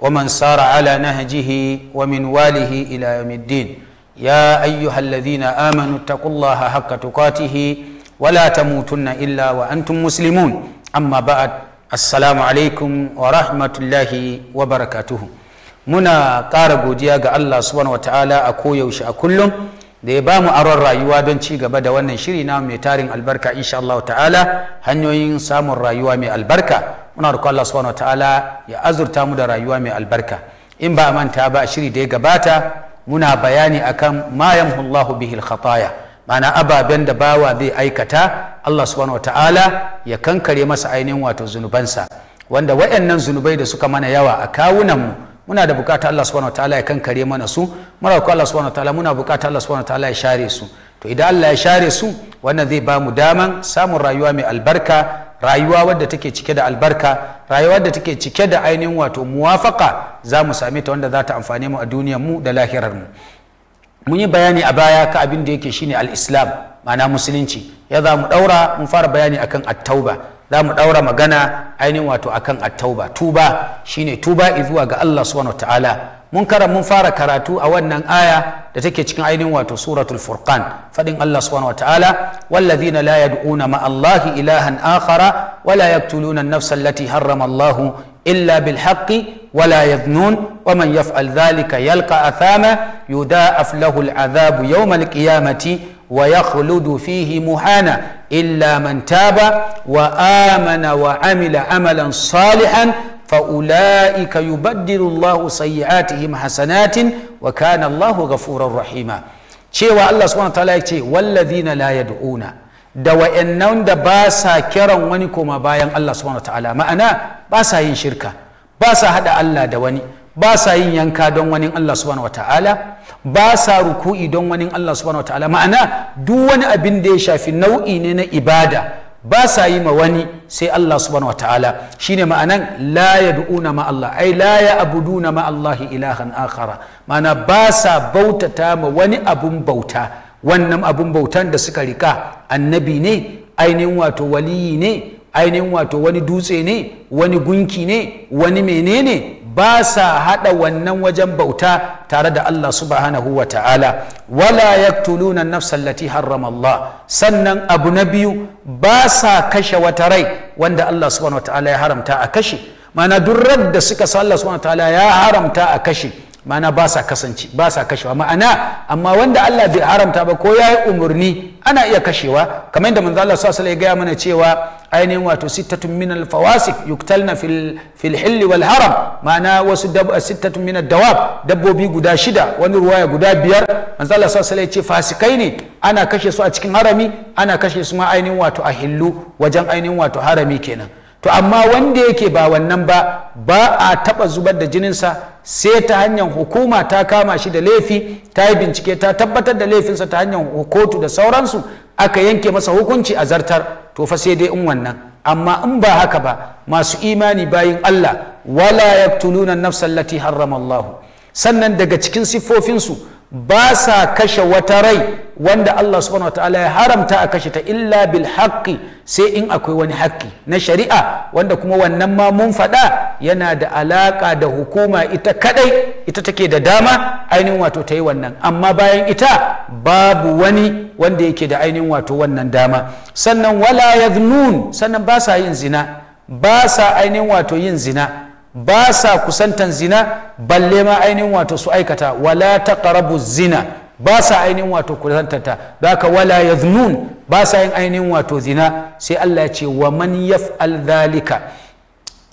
ومن سار على نهجه ومن واله إلى يوم الدين يا أيها الذين آمنوا اتقوا الله حق تقاته ولا تموتن إلا وأنتم مسلمون أما بعد السلام عليكم ورحمة الله وبركاته muna ƙara godiya ga Allah subhanahu wataala a koyaushe a kullum da ya bamu aron rayuwa don ci gaba da wannan shiri na mai tarin albarka insha Allah ta'ala hanyoyin samun rayuwa mai albarka muna roƙon Allah subhanahu wataala ya azurta mu da rayuwa mai albarka in ba a manta ba shiri da ya gabata muna bayani akan ma yamhullahu bihi al ma'ana ababen da bawa zai aikata Allah subhanahu wataala ya kankare masa ainihin wato zunubansa wanda wayannan zunubai da suka mana yawa a kawunan mu muna da bukata Allah subhanahu wataala ya kankare mana su muna roƙon Allah subhanahu wataala muna bukata Allah subhanahu wataala ya share su to idan Allah ya share su wannan zai ba mu daman samun rayuwa mai albarka rayuwa wadda take cike da albarka rayuwa wadda take cike da ainihin wato muwafaka za mu same ta wanda za ta amfane mu a duniyar mu da lahirar mu mun yi bayani a baya ka abin da yake shine al-islam mana musulunci ya za mu daura mun fara bayani akan at-tauba za mu daura magana ainihin wato akan at-tauba tuba shine tuba zuwa ga Allah subhanahu wa ta'ala mun kara mun fara karatu a wannan aya da take cikin ainihin wato suratul furqan fadin Allah subhanahu wataala wallazina la yad'una ma Allah ilahan akhara wala yaqtuluna an-nafsa allati harrama Allah illa bil haqqi wala yadhnun wa man yaf'al dhalika yalqa athama yudha'af lahu al-'adhabu yawm al-qiyamati wa yakhludu fihi muhana illa man إلا wa amana wa amila amalan salihan fa'ula'ika yubaddilu Allahu sayyi'atihim hasanatin wakanallahu kana Allahu rahima cewa Allah subhanahu ya ce wallazina la yad'una da wa'annan da basa kiran wani koma bayan Allah ma'ana ba yin shirka ba hada Allah da wani ba yin yanka don wani Allah subhanahu ruku'i don wani Allah ma'ana duk wani abin da ya shafi nau'i ne na ibada ba sa yi ma wani sai Allah subhanahu wataala shine ma'anan la yad'una ma Allah ai la ya'buduna ma Allah ilahan akhara ma'ana ba sa bautata ma wani abun bauta wannan abun bautan da suka rika annabi ne ainihin wato waliyi ne ainihin wato wani dutse ne wani gunki ne wani menene ba sa haɗa wannan wajen bauta tare da Allah subhanahu wa ta'ala wala yaktuluna nafsa allati harrama Allah sannan abu na biyu ba sa kashe wata rai wanda Allah subhanahu wa ta'ala ya haramta a kashe Ma'ana duk da suka sa Allah subhanahu wa ta'ala ya haramta a kashe ma'ana ba sa kasance ba sa kashewa ma'ana amma wanda Allah bai haramta ba ko ya yi umarni ana iya kashewa kamar yadda manzo Allah sallallahu alaihi gaya mana cewa ainihin wato sittatun min al-fawasik yuktalna fil fil hilli wal haram ma'ana wasu sittatun min dawab dabbobi guda shida wani ruwaya guda biyar manzo Allah sallallahu alaihi ce fasikai ne ana kashe su a cikin harami ana kashe su ma ainihin wato a hillu wajen ainihin wato harami kenan to amma wanda yake ba wannan ba ba a taɓa zubar da jininsa sai ta hanyar hukuma ta kama shi da laifi ta yi bincike ta tabbatar da laifinsa ta hanyar kotu da sauransu aka yanke masa hukunci a zartar to fa sai dai in wannan amma in ba haka ba masu imani bayin Allah wala yaktuluna nafsallati nafsa harrama sannan daga cikin siffofinsu ba sa kashe wata rai wanda Allah subhanahu wa ta'ala ya haramta a kashe ta illa bil haqqi sai in akwai wani haƙƙi na shari'a wanda kuma wannan ma mun faɗa yana da alaƙa da hukuma ita kadai ita take da dama ainihin wato ta yi wannan amma bayan ita babu wani wanda yake da ainihin wato wannan dama sannan wala yadhnun sannan ba sa yin zina ba sa ainihin wato yin zina ba sa kusantan zina balle ma ainihin wato su aikata wala karabu zina ba sa ainihin wato kusantanta ba ka wala zunun ba sa yin ainihin wato zina sai Allah ya ce wa man yaf'al dhalika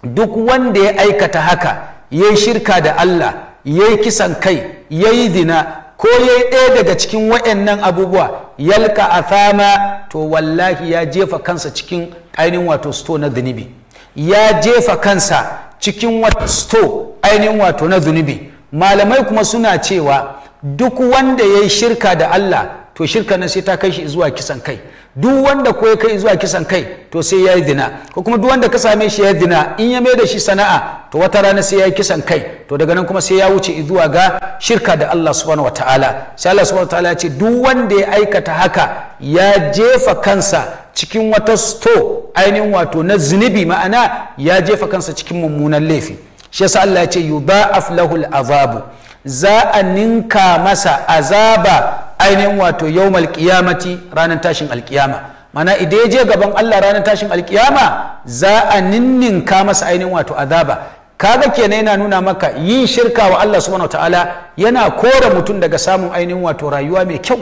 duk wanda ya aikata haka yayi shirka da Allah ya yi kisan kai ya yi zina ko ya yi ɗaya daga cikin waɗannan abubuwa yalka a fama, to wallahi ya jefa kansa cikin ainihin wato sto na zunubi ya jefa kansa cikin wato ainihin wato na zunubi malamai kuma suna cewa duk wanda ya yi shirka da Allah to shirka nan sai ta kai shi zuwa kisan kai duk wanda ko ya kai zuwa kisan kai to sai ya yi dina ko kuma duk wanda ka same shi ya yi dina in ya mai da shi sana'a to wata rana sai ya yi kisan kai to daga nan kuma sai ya wuce zuwa ga shirka da Allah subhanahu ta'ala. sai Allah subhanahu ta'ala ya ce duk wanda ya aikata haka ya jefa kansa cikin wata sto ainihin wato na zunubi ma'ana ya jefa kansa cikin mummunan laifi shi yasa Allah ya ce yudha'af lahul azabu za a ninka masa azaba ainihin wato yau malkiyamati ranar tashin alkiyama mana idan je gaban Allah ranar tashin alkiyama za a ninninka masa ainihin wato azaba kaga kenan yana nuna maka yin shirka wa Allah subhanahu ta'ala yana kore mutum daga samun ainihin wato rayuwa mai kyau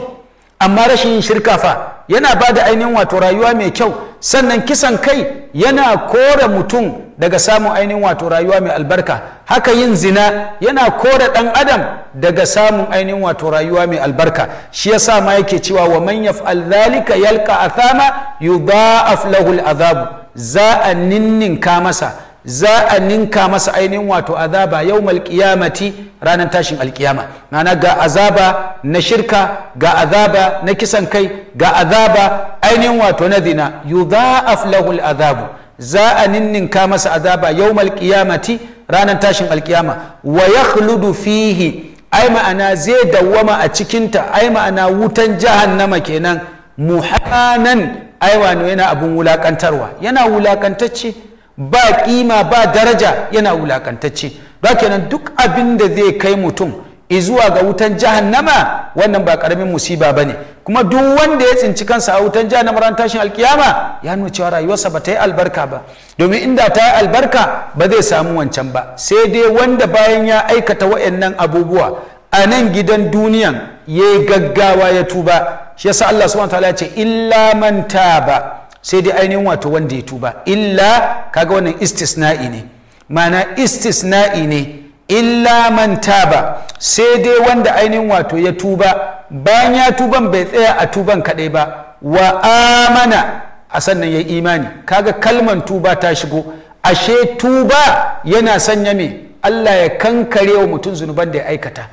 amma rashin yin shirka fa yana ba da ainihin wato rayuwa mai kyau sannan kisan kai yana kore mutum daga samun ainihin wato rayuwa mai albarka haka yin zina yana kore dan adam daga samun ainihin wato rayuwa mai albarka shi yasa ma yake cewa wa man yaf'al dhalika yalqa athama yudha'af lahu al'adhab za a ninninka masa za a ninka masa ainihin wato azaba yawmal qiyamati ranar tashin alkiyama ma'ana ga azaba na shirka ga azaba na kisan kai ga azaba ainihin wato na zina yudha'af lahu al'adhab za a ninninka masa azaba yau malkiyamati ranar tashin alkiyama wa yakhludu fihi ai ma'ana zai dawwama a cikinta ai ma'ana wutan jahannama kenan muhanan ai wano yana abin wulakantarwa yana wulakantacce ba kima ba daraja yana wulakantacce ba kenan duk abin da zai kai mutum izuwa ga wutan jahannama wannan ba karamin musiba bane kuma duk wanda ya tsinci kansa a wutan jahannama ran tashin alkiyama ya nuna cewa rayuwarsa ba ta yi albarka ba domin inda ta yi albarka ba zai samu wancan ba sai dai wanda bayan ya aikata waɗannan abubuwa a nan gidan duniyan ya yi gaggawa ya tuba shi yasa Allah subhanahu wataala ya ce illa man taba sai dai ainihin wato wanda ya tuba illa kaga wannan istisna'i ne ma'ana istisna'i ne illa man taba sai dai wanda ainihin wato ya tuba bayan ya tuban bai tsaya a tuban kaɗai ba wa amana a sannan ya imani kaga kalman tuba ta shigo ashe tuba yana sanya me Allah ya kankare wa mutum zunuban da ya aikata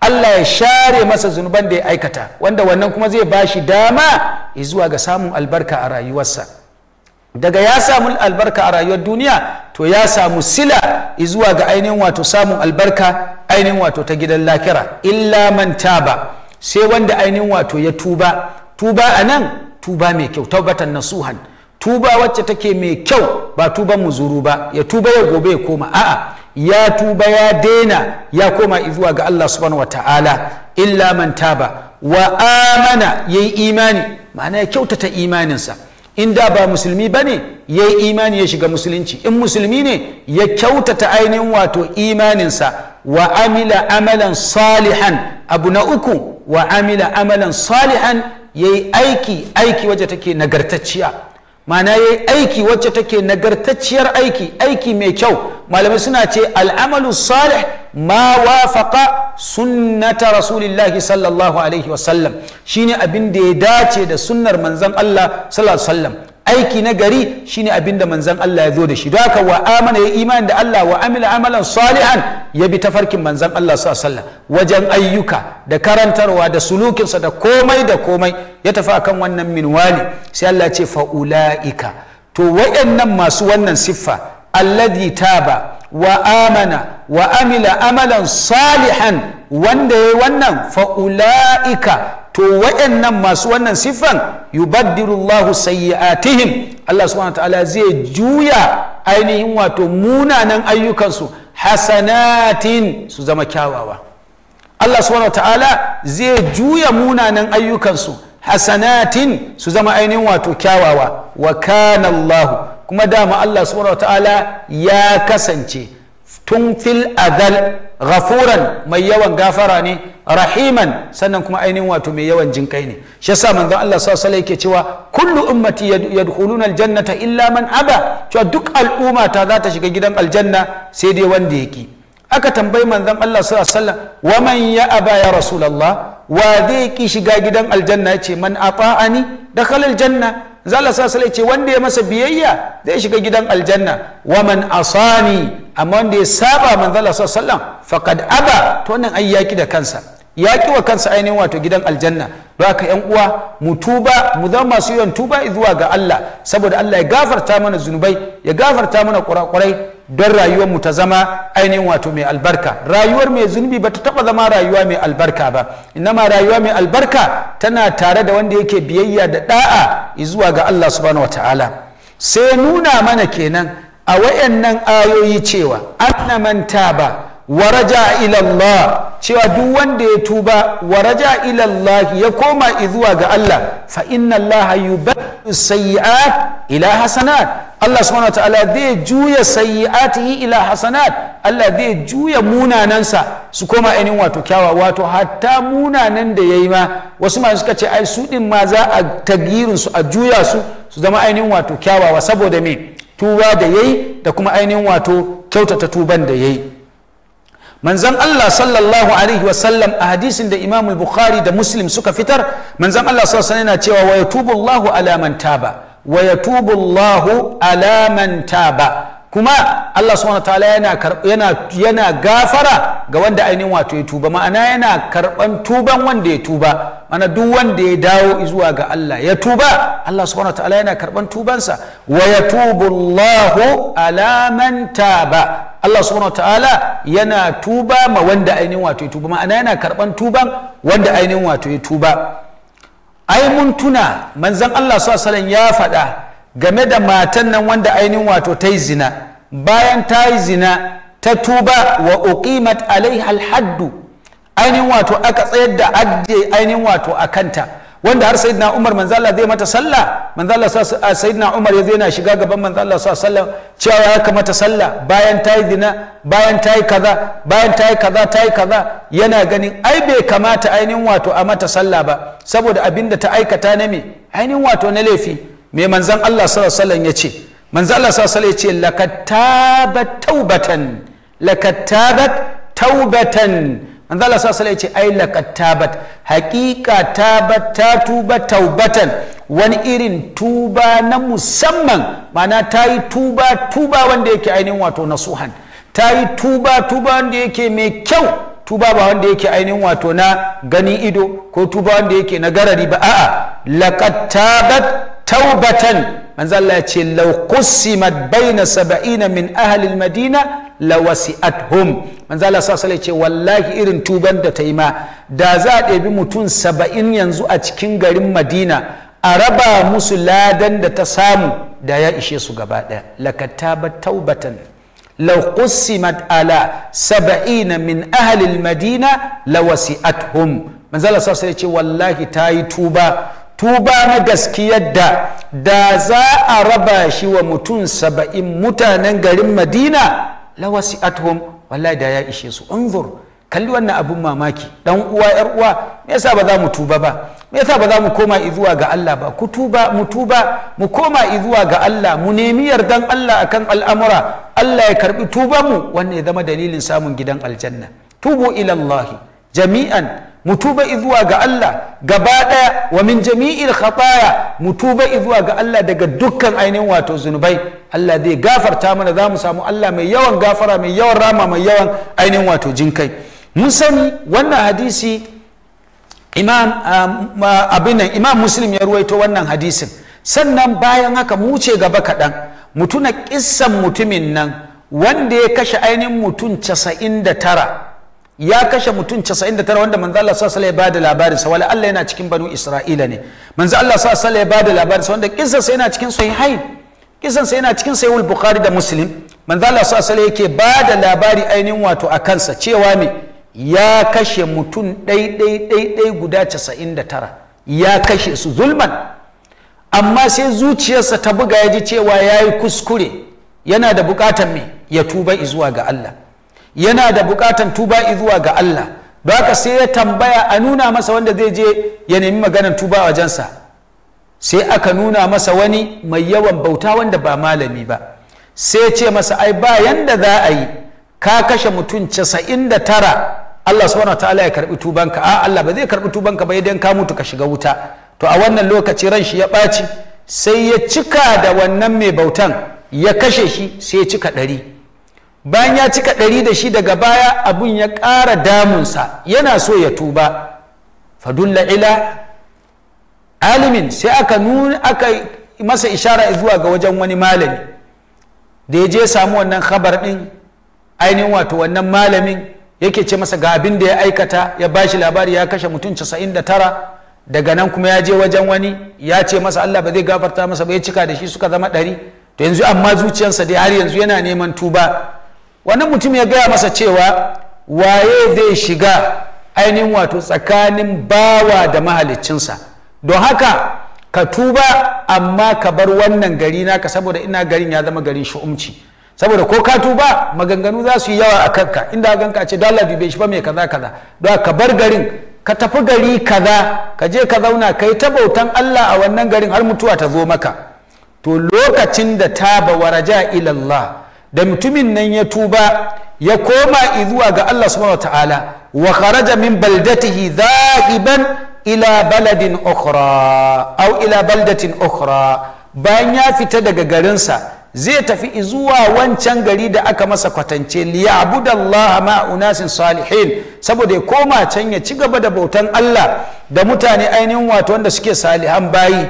Allah ya share masa zunuban da ya aikata wanda wannan kuma zai bashi dama zuwa ga samun albarka a rayuwarsa daga ya samu albarka a rayuwar duniya to ya samu sila zuwa ga ainihin wato samun albarka ainihin wato ta gidan lakira illa man taba sai wanda ainihin wato ya tuba tuba a nan tuba mai kyau taubatan nasuhan tuba wacce take mai kyau ba tuban muzuru ba ya tuba ya gobe ya koma a'a ya tuba ya daina ya koma zuwa ga Allah subhanahu ta'ala illa man taba wa amana yayi imani ma'ana ya kyautata imaninsa in da ba musulmi ba ne ya yi imani ya shiga musulunci in musulmi ne ya kyautata ainihin wato imaninsa wa amila amalan salihan abu na uku wa amila amalan salihan ya yi aiki aiki waje take nagartacciya ma'ana yayi aiki wacce take nagartacciyar aiki aiki mai kyau malamai suna ce al'amalu salih ma wafaqa sunnata rasulillahi sallallahu alaihi wasallam shine abin da ya dace da sunnar manzon Allah sallallahu alaihi wasallam aiki na gari shine abinda manzon Allah ya zo da shi don haka wa amana ya imani da Allah wa amila amalan salihan ya bi tafarkin manzon Allah sallallahu sallah wajen ayyuka da karantarwa da sulukinsa da komai da komai ya tafi akan wannan minwali sai Allah ce fa to waɗannan masu wannan siffa alladhi taba wa amana wa amila amalan salihan wanda ya yi wannan fa'ula'ika to waɗannan masu wannan siffan yubaddilullahu sayyi'atihim Allah subhanahu ta'ala zai juya ainihin wato munanan ayyukansu hasanatin su zama kyawawa Allah subhanahu ta'ala zai juya munanan ayyukansu hasanatin su zama ainihin wato kyawawa wa kana Allah kuma dama Allah subhanahu ta'ala ya kasance tun fil adal ghafuran mai yawan gafara ne rahiman sannan kuma ainihin wato mai yawan jinkai ne shi yasa manzon Allah sallallahu alaihi yake cewa kullu ummati yadkhuluna aljannata illa man aba cewa duk al'umma ta za ta shiga gidan aljanna sai dai wanda yake aka tambayi manzon Allah sallallahu alaihi wa man ya aba ya rasulullah wa zai ki shiga gidan aljanna yace man ata'ani dakhala aljanna zalla sa sai ce wanda ya masa biyayya zai shiga gidan aljanna waman asani amma wanda ya saba man zalla sa sallam faqad aba to wannan ai yaki da kansa ya ki wa kansa ainihin wato gidan aljanna ba ka yan uwa mu tuba mu zama masu yawan tuba zuwa ga Allah saboda Allah ya gafarta mana zunubai ya gafarta mana kurakurai don rayuwar mu ta zama ainihin wato mai albarka rayuwar mai zunubi ba ta taba zama rayuwa mai albarka ba inama rayuwa mai albarka tana tare da wanda yake biyayya da da'a zuwa ga Allah subhanahu wataala sai nuna mana kenan a wayannan ayoyi cewa annaman manta taba waraja ilallah cewa duk wanda ya tuba waraja ilallah ya koma izuwa ga Allah fa inna Allah yubayyi'u sayyi'at ila hasanat Allah subhanahu wa ta'ala zai juya sayyi'atihi ila hasanat Allah zai juya munanansa su koma ainihin wato kyawa wato hatta munanan da yayi ma wasu ma suka ce ai su din ma za a tagirin su a juya su su zama ainihin wato kyawawa saboda me tuba da yayi da kuma ainihin wato kyautata tuban da yayi manzan Allah sallallahu alaihi wasallam a hadisin da Imam Bukhari da Muslim suka fitar manzan Allah sallallahu alaihi yana cewa wa yatubu Allahu ala man taba wa yatubu Allahu ala man taba kuma Allah subhanahu ta'ala yana yana yana gafara ga wanda ainihin wato ya tuba ma'ana yana karban tuban wanda ya tuba mana duk wanda ya dawo zuwa ga Allah ya tuba Allah subhanahu ta'ala yana karban tubansa wa yatubu Allahu ala man taba Allah subhanahu ta'ala yana tuba ma wanda ainihin wato ya tuba ma'ana yana karban tuban wanda ainihin wato ya tuba ai mun tuna manzon Allah sallallahu alaihi wasallam ya faɗa game da matan nan wanda ainihin wato ta yi zina bayan ta yi zina ta tuba wa uqimat alaiha alhaddu ainihin wato aka tsayar da ajiye ainihin wato a kanta wanda har sayyidina Umar manzala zai mata sallah manzala Allah sayyidina Umar ya na shiga gaban manzala Allah a alaihi cewa ya kamata sallah bayan ta yi zina bayan ta yi kaza bayan ta yi kaza ta yi kaza yana ganin ai bai kamata ainihin wato a mata sallah ba saboda abin da ta aikata na me ainihin wato na laifi me manzan Allah sallallahu ya ce manzan Allah sallallahu ya ce laqad tabat taubatan laqad taubatan manzan Allah sallallahu ya ce ai laqad tabat haqiqa tabat ta tuba taubatan wani irin tuba na musamman ma'ana ta yi tuba tuba wanda yake ainihin wato nasuhan ta yi tuba tuba wanda yake mai kyau tuba ba wanda yake ainihin wato na gani ido ko tuba wanda yake na garari ba a'a laqad tabat taubatan manzo Allah ya ce law qusimat baina sab'ina min ahli madina lawasi'athum manzo Allah sallallahu alaihi ce wallahi irin tuban da ta yi ma da za a ɗebi mutum saba'in yanzu a cikin garin Madina a raba musu ladan da ta samu da ya ishe su gaba ɗaya Lakata ba taubatan لو قسمت على سبعين من أهل المدينة لوسئتهم من زال صلى الله والله تاي توبا توبا نجسكي يدا دازا أربا شو متون سبعين متانا قرم مدينة لوسئتهم والله دا يا انظر kalli wannan abin mamaki dan uwa yar uwa me yasa ba za mu tuba ba me yasa ba za mu koma izuwa ga Allah ba ku tuba mu tuba mu koma izuwa ga Allah mu nemi yardan Allah akan al'amura Allah ya karbi tuban mu wannan ya zama dalilin samun gidan aljanna tubu ila Allah jami'an mu tuba izuwa ga Allah gaba daya wa min jami'il khataya mu tuba izuwa ga Allah daga dukkan ainihin wato zunubai Allah zai gafarta mana za mu samu Allah mai yawan gafara mai yawan rama mai yawan ainihin wato jinkai mun sani wannan hadisi imam ah, abinan imam muslim ya ruwaito wannan hadisin sannan bayan haka mu ce gaba kaɗan mu tuna ƙissan mutumin nan wanda ya kashe ainihin mutum casa'in da tara ya kashe mutum casa'in da tara wanda manzo Allah sallallahu alaihi wasallam ya bada labarin sa wala Allah yana cikin banu Isra'ila ne manzo Allah sallallahu alaihi wasallam ya bada labarin sa wanda sa yana cikin sahihain sa yana cikin sahihul bukhari da muslim manzo Allah sallallahu alaihi wasallam yake bada labari ainihin wato a kansa cewa me ya kashe mutum ɗaiɗaiɗaiɗai guda casa'in da tara ya kashe su zulman amma sai zuciyarsa ta buga ya ji cewa ya yi kuskure yana da buƙatan me ya tuba izuwa ga Allah yana da buƙatan tuba izuwa ga Allah don haka sai ya tambaya a nuna masa wanda zai je ya nemi maganar tuba a wajensa sai aka nuna masa wani mai yawan bauta wanda ba malami ba sai ce masa ai ba yanda za a yi ka kashe mutum casa'in da tara Allah subhanahu ta'ala ya karbi tubanka a Allah ba zai karbi tubanka ba idan ka mutu ka shiga wuta to a wannan lokaci ran shi ya ɓaci sai ya cika da wannan mai bautan ya kashe shi sai ya cika ɗari bayan ya cika ɗari da shi daga baya abun ya ƙara damunsa yana so ya tuba fadulla ila alimin sai aka nuna aka masa ishara zuwa ga wajen wani malami da ya je samu wannan khabar ɗin ainihin wato wannan malamin yake ce masa ga abin da ya aikata ya ba shi labari ya kashe mutum 99 daga nan kuma ya je wajen wani ya ce masa Allah ba zai gafarta masa ba ya cika da shi suka zama ɗari to yanzu amma zuciyarsa dai har yanzu yana neman tuba wannan mutum ya gaya masa cewa waye zai shiga ainihin wato tsakanin bawa da mahaliccinsa don haka ka tuba amma ka bar wannan gari naka saboda ina garin ya zama garin shu'umci saboda ko ka tuba maganganu za su yi yawa a kanka inda ganka ce dala dube shi ba mai kaza kaza don ka bar garin ka tafi gari kaza ka je ka zauna ka yi ta Allah a wannan garin har mutuwa ta zo maka to lokacin da ta waraja ilallah da mutumin nan ya tuba ya koma zuwa ga Allah subhanahu wataala wa kharaja min baldatihi zaiban ila baladin ukhra aw ila baldatin ukhra bayan ya fita daga garinsa zai tafi zuwa wancan gari da aka masa kwatance liya liya'budallaha ma unasin salihin saboda ya koma can ya ci gaba da bautan Allah da mutane ainihin wato wanda suke salihan bayi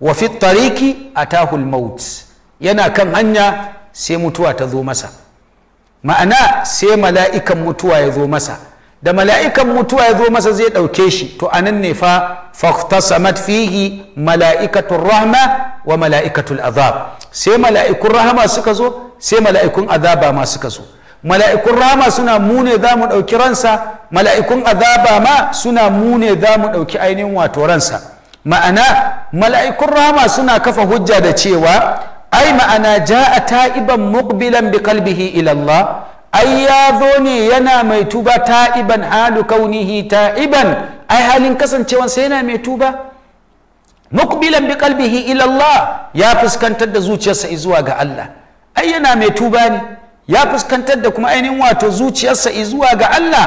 wa fi tariki Tahul maut yana kan hanya sai mutuwa ta zo masa ma'ana sai mala'ikan mutuwa ya zo masa da mala'ikan mutuwa ya zo masa zai ɗauke shi to anan ne fa fahtasamat fihi mala'ikatun rahma wa mala'ikatun azab sai mala'ikun rahama suka zo sai mala'ikun azaba ma suka zo mala'ikun rahama suna mu ne za mu ɗauki ransa mala'ikun azaba ma suna mu ne za mu ɗauki ainihin wato ransa ma'ana mala'ikun rahama suna kafa hujja da cewa ai ma'ana ja'a ta'iban muqbilan bi kalbihi ila Allah ai ya zo ne yana mai tuba ta'iban halu kaunihi ta'iban ai halin kasancewansa yana mai tuba mukbilan bi qalbihi ila Allah ya fuskantar da zuciyarsa zuwa ga Allah ai yana mai tuba ne ya fuskantar da kuma ainihin wato zuciyarsa zuwa ga Allah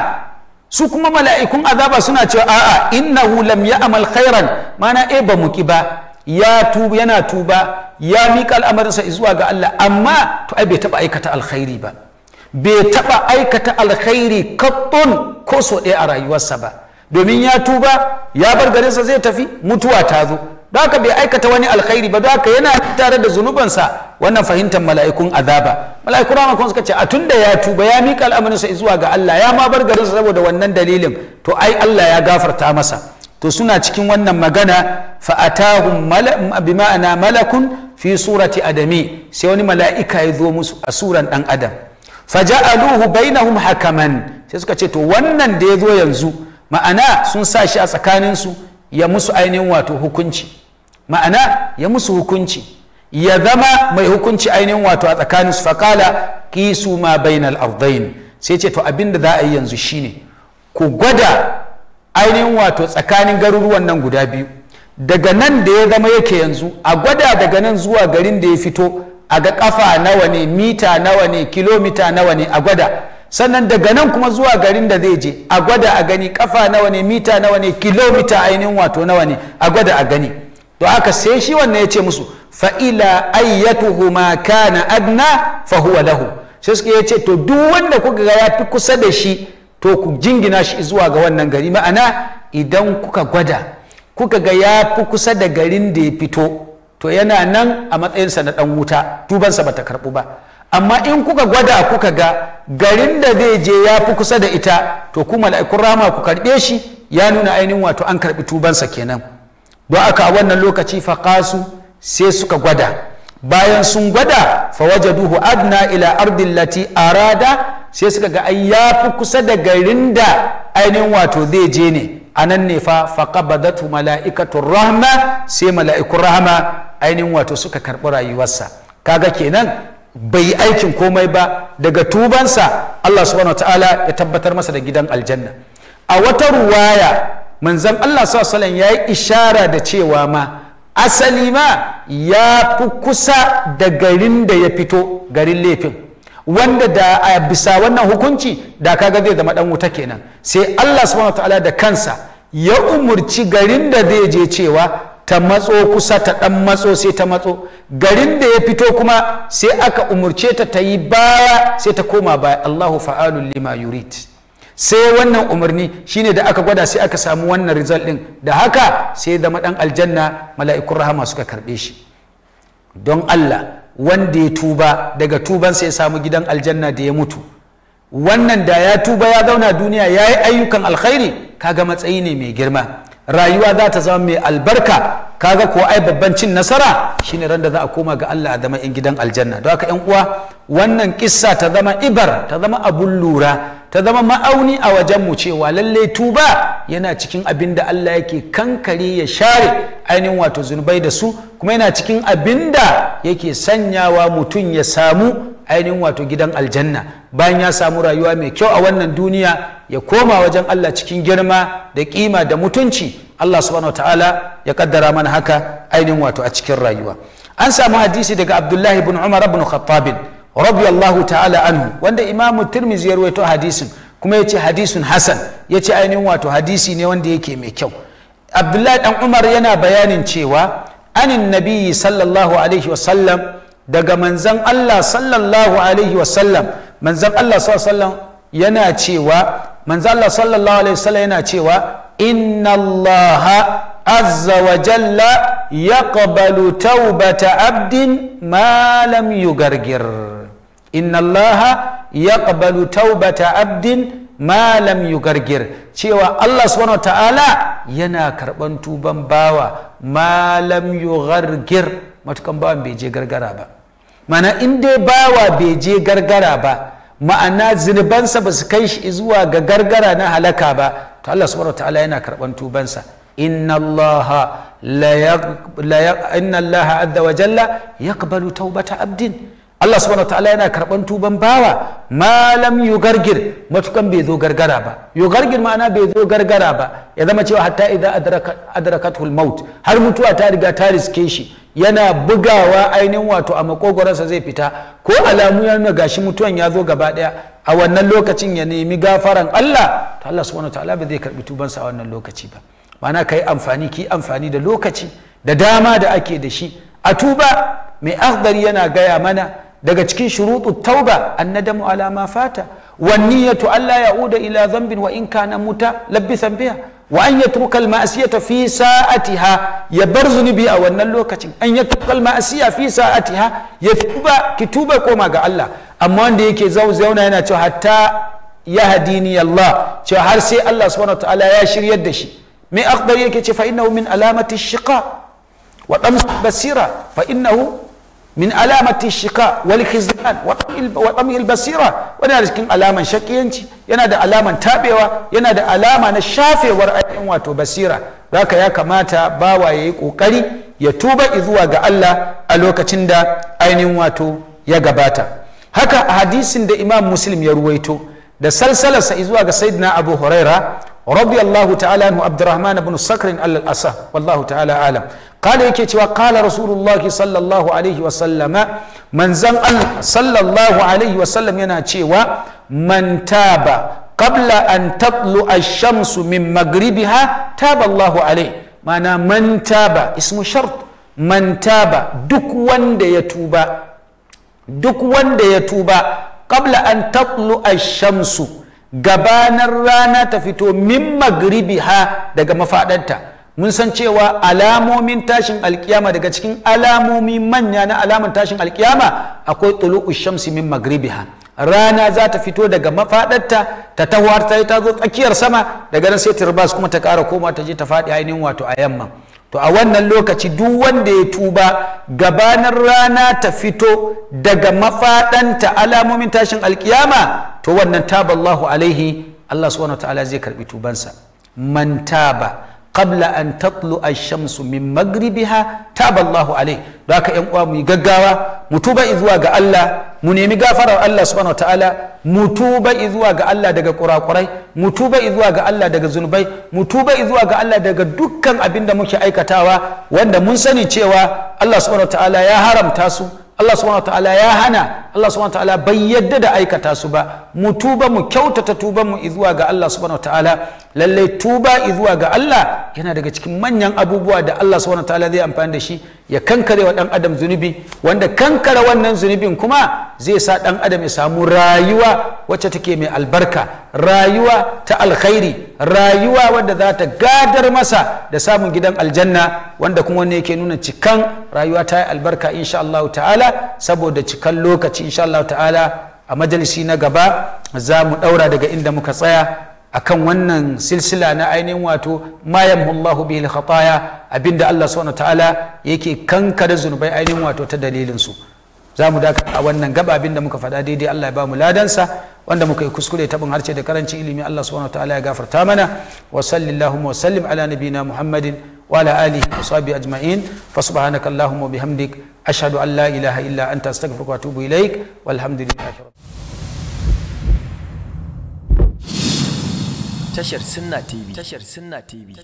su kuma mala'ikun azaba suna cewa a'a innahu lam ya'mal khairan mana eh ba mu ki ba ya tuba yana tuba ya miƙa al'amarinsa zuwa ga Allah amma to ai bai taɓa aikata alkhairi ba bai taɓa aikata alkhairi kattun ko so ɗaya a rayuwarsa ba domin ya tuba ya bar garinsa zai tafi mutuwa ta zo don ka bai aikata wani alkhairi ba don yana tare da zunubansa wannan fahimtar mala'ikun azaba mala'ikun ramakon suka ce a da ya tuba ya miƙa al'amarinsa zuwa ga Allah ya ma bar garinsa saboda wannan dalilin to ai Allah ya gafarta masa to suna cikin wannan magana fa'atahum bi ma'ana malakun fi surati adami sai wani mala'ika ya zo musu a suran dan adam faja'aluhu bainahum hakaman sai suka ce to wannan da ya zo yanzu ma'ana sun sa shi a tsakaninsu ya musu ainihin wato hukunci ma'ana ya musu hukunci ya zama mai hukunci ainihin wato a tsakaninsu faƙala kisu ma bainal ardain sai ce to abin da za a yi yanzu shine ku gwada ainihin wato tsakanin garuruwan nan guda biyu daga nan da ya zama yake yanzu a gwada daga nan zuwa garin da ya fito a ga kafa nawa ne mita nawa ne kilomita nawa ne a gwada sannan daga nan kuma zuwa garin da zai je a gwada a gani kafa nawa ne mita nawa ne kilomita ainihin wato nawa ne a gwada a gani to aka sai shi wannan ya ce musu fa'ila ayyatuhuma kana adna fa huwa lahu sai suke ya ce to duk wanda kuka ga ya fi kusa da shi to ku jingina shi zuwa ga wannan gari ma'ana idan kuka gwada kuka ga ya fi kusa da garin da ya fito to yana nan a matsayinsa na ɗan wuta tubansa bata karɓu ba amma in kuka gwada kuka ga garin da zai je ya fi kusa da ita to ku mala'ikun rama ku karɓe shi ya nuna ainihin wato an karɓi tubansa kenan don aka a wannan lokaci faƙasu sai suka gwada bayan sun gwada duhu adna ila ardin lati arada sai suka ga ai ya fi kusa da garin da ainihin wato zai je ne a nan ne fa faqabadatu mala'ikatu rahma sai mala'ikun rahma ainihin wato suka karɓi rayuwarsa kaga kenan bai aikin komai ba daga tubansa Allah subhanahu ta'ala ya tabbatar masa da gidan aljanna a wata ruwaya manzon Allah sallallahu alaihi ya yi ishara da cewa ma asali ma ya fi kusa da garin da ya fito garin laifin wanda da a bisa wannan hukunci da kaga zai zama dan wuta kenan sai Allah subhanahu wataala da kansa ya umurci garin da zai je cewa ta matso kusa ta ɗan matso sai ta matso garin da ya fito kuma sai aka umurce ta ta yi baya sai ta koma baya Allahu fa'alun lima yurid sai wannan umarni shine da aka gwada sai aka samu wannan result din da haka sai zama dan aljanna mala'ikun rahama suka karbe shi don Allah wanda ya tuba daga tuban sai ya samu gidan aljanna da ya mutu wannan da ya tuba ya zauna duniya ya yi ayyukan alkhairi kaga matsayi ne mai girma rayuwa za ta zama mai albarka kaga ko ai babban cin nasara shine ran da za a koma ga Allah a zama in gidan aljanna don haka yan uwa wannan kissa ta zama ibar ta zama abun lura ta zama ma'auni a wajen mu cewa lalle tuba yana cikin abin da Allah yake kankare ya share ainihin wato zunubai da su kuma yana cikin abin da yake sanyawa mutum ya samu ainihin wato gidan aljanna bayan ya samu rayuwa mai kyau a wannan duniya ya koma wajen Allah cikin girma da kima da mutunci Allah subhanahu ta'ala ya kaddara mana haka ainihin wato a cikin rayuwa an samu hadisi daga Abdullahi ibn Umar ibn Khattab radiyallahu ta'ala anhu wanda Imam Tirmidhi ya rawaito hadisin kuma yace Hassan ya ce ainihin wato hadisi ne wanda yake mai kyau Abdullahi dan Umar yana bayanin cewa anin nabiyyi sallallahu alaihi wasallam daga manzan Allah sallallahu alaihi wasallam manzan Allah sallallahu alaihi yana cewa manzan Allah sallallahu alaihi wasallam yana cewa inna Allah azza wa jalla yaqbalu taubata abdin ma lam yugargir inna Allah yaqbalu taubata abdin malam yugargir cewa Allah subhanahu wa ta'ala yana karban tuban bawa malam yugargir matukan bawan bai je gargara ba mana in dai bawa bai je gargara ba ma'ana zunubansa ba su kai shi zuwa ga gargara na halaka ba to Allah subhanahu ta'ala yana karban tubansa inna Allah la inna Allah azza wa jalla yaqbalu taubata abdin Allah subhanahu ta'ala yana karban tuban bawa malam yugargir matukan bai zo gargara ba yugargir ma'ana bai zo gargara ba ya zama cewa hatta idan adrakatul maut har mutuwa ta riga ta riske shi yana bugawa ainihin wato a makogoransa zai fita ko alamu ya nuna gashi mutuwan ya zo gaba daya a wannan lokacin ya nemi gafaran Allah to Allah subhanahu ta'ala ba zai karbi tubansa a wannan lokaci ba ma'ana kai amfani ki amfani da lokaci da dama da ake da shi a tuba mai akhdari yana gaya mana daga cikin shurutu tauba annadamu ala ma fata wan niyyatu alla yauda ila dhanbin wa in kana muta labisan biha wa an yatruka al ma'siyata fi sa'atiha ya bar zunubi a wannan lokacin an yatruka al ma'siya fi sa'atiha ya tuba ki tuba koma ga Allah amma wanda yake zauna yana cewa hatta ya hadini Allah cewa har sai Allah subhanahu wa ta'ala ya shiryar da shi me akhdar yake ce fa innahu min alamati shiqa wa dams basira fa innahu min alamati shika wal khizlan wa basira wani da cikin alaman shakiyanci yana da alaman tabewa yana da alama na shafewar ainihin wato basira haka ya kamata bawa yayi kokari ya tuba zuwa ga Allah a lokacin da ainihin wato ya gabata haka a hadisin da Imam Muslim ya ruwaito da salsalarsa zuwa ga Sayyidina Abu Huraira radiyallahu ta'ala anhu Abdurrahman ibn Sakrin al-Asa wallahu ta'ala alam kala yake cewa kala rasulullahi sallallahu alaihi wasallama manzan yana cewa man taba qabla an tatlu ash-shamsu min magribiha taba allahu alaihi mana man taba ismu shart man taba duk wanda ya tuba duk wanda ya tuba qabla an tatlu ash-shamsu gabanar rana ta fito min magribiha daga mafaɗanta. mun san cewa alamomin tashin alkiyama daga cikin alamomi manya na alamun tashin alkiyama akwai tulu'u shamsi min magribiha rana za ta fito daga mafadarta ta taho har ta yi ta zo tsakiyar sama daga nan sai tirbas kuma ta kara koma ta je ta faɗi ainihin wato a yamma to a wannan lokaci duk wanda ya tuba gabanin rana ta fito daga mafaɗanta alamomin tashin alkiyama to wannan taballahu alaihi Allah subhanahu wa ta'ala zai karbi tubansa man taba qabla an tatlu ash-shamsu min maghribiha taba Allahu alayh don uwa mu yi gaggawa mu tuba zuwa ga Allah mu nemi gafarar Allah subhanahu wataala mu tuba zuwa ga Allah daga kurakurai mu tuba zuwa ga Allah daga zunubai mu tuba zuwa ga Allah daga dukkan abin da muke aikatawa wanda mun sani cewa Allah subhanahu wataala ya haramta su Allah subhanahu ta'ala ya hana Allah subhanahu ta'ala bai yadda da aikata su ba mu tuba mu kyautata tuban mu izuwa ga Allah subhanahu ta'ala lalle tuba izuwa ga Allah yana daga cikin manyan abubuwa da Allah subhanahu ta'ala zai amfani da shi ya kankare wa ɗan adam zunubi wanda kankara wannan zunubin kuma zai sa ɗan adam ya samu rayuwa wacce take mai albarka rayuwa ta alkhairi rayuwa wadda za ta gadar masa da samun gidan aljanna wanda kuma ne yake nuna cikan rayuwa ta yi albarka insha Allah ta'ala saboda cikan lokaci insha Allah ta'ala a majalisi na gaba za mu ɗaura daga inda muka tsaya akan wannan silsila na ainihin wato mayan yamhullahu bihi al-khataya abinda Allah subhanahu ta'ala yake kankare zunubai ainihin wato ta dalilin su za mu daka a wannan gaba abinda muka faɗa daidai Allah ya ba mu ladansa wanda muka yi kuskure tabin harce da karancin ilimi Allah subhanahu ta'ala ya gafarta mana wa sallallahu wa sallim ala nabina Muhammadin وعلى آله وصحبه أجمعين فسبحانك اللهم وبحمدك أشهد أن لا إله إلا أنت أستغفرك وأتوب إليك والحمد لله رب tashar Sunna TV tashar Sunna TV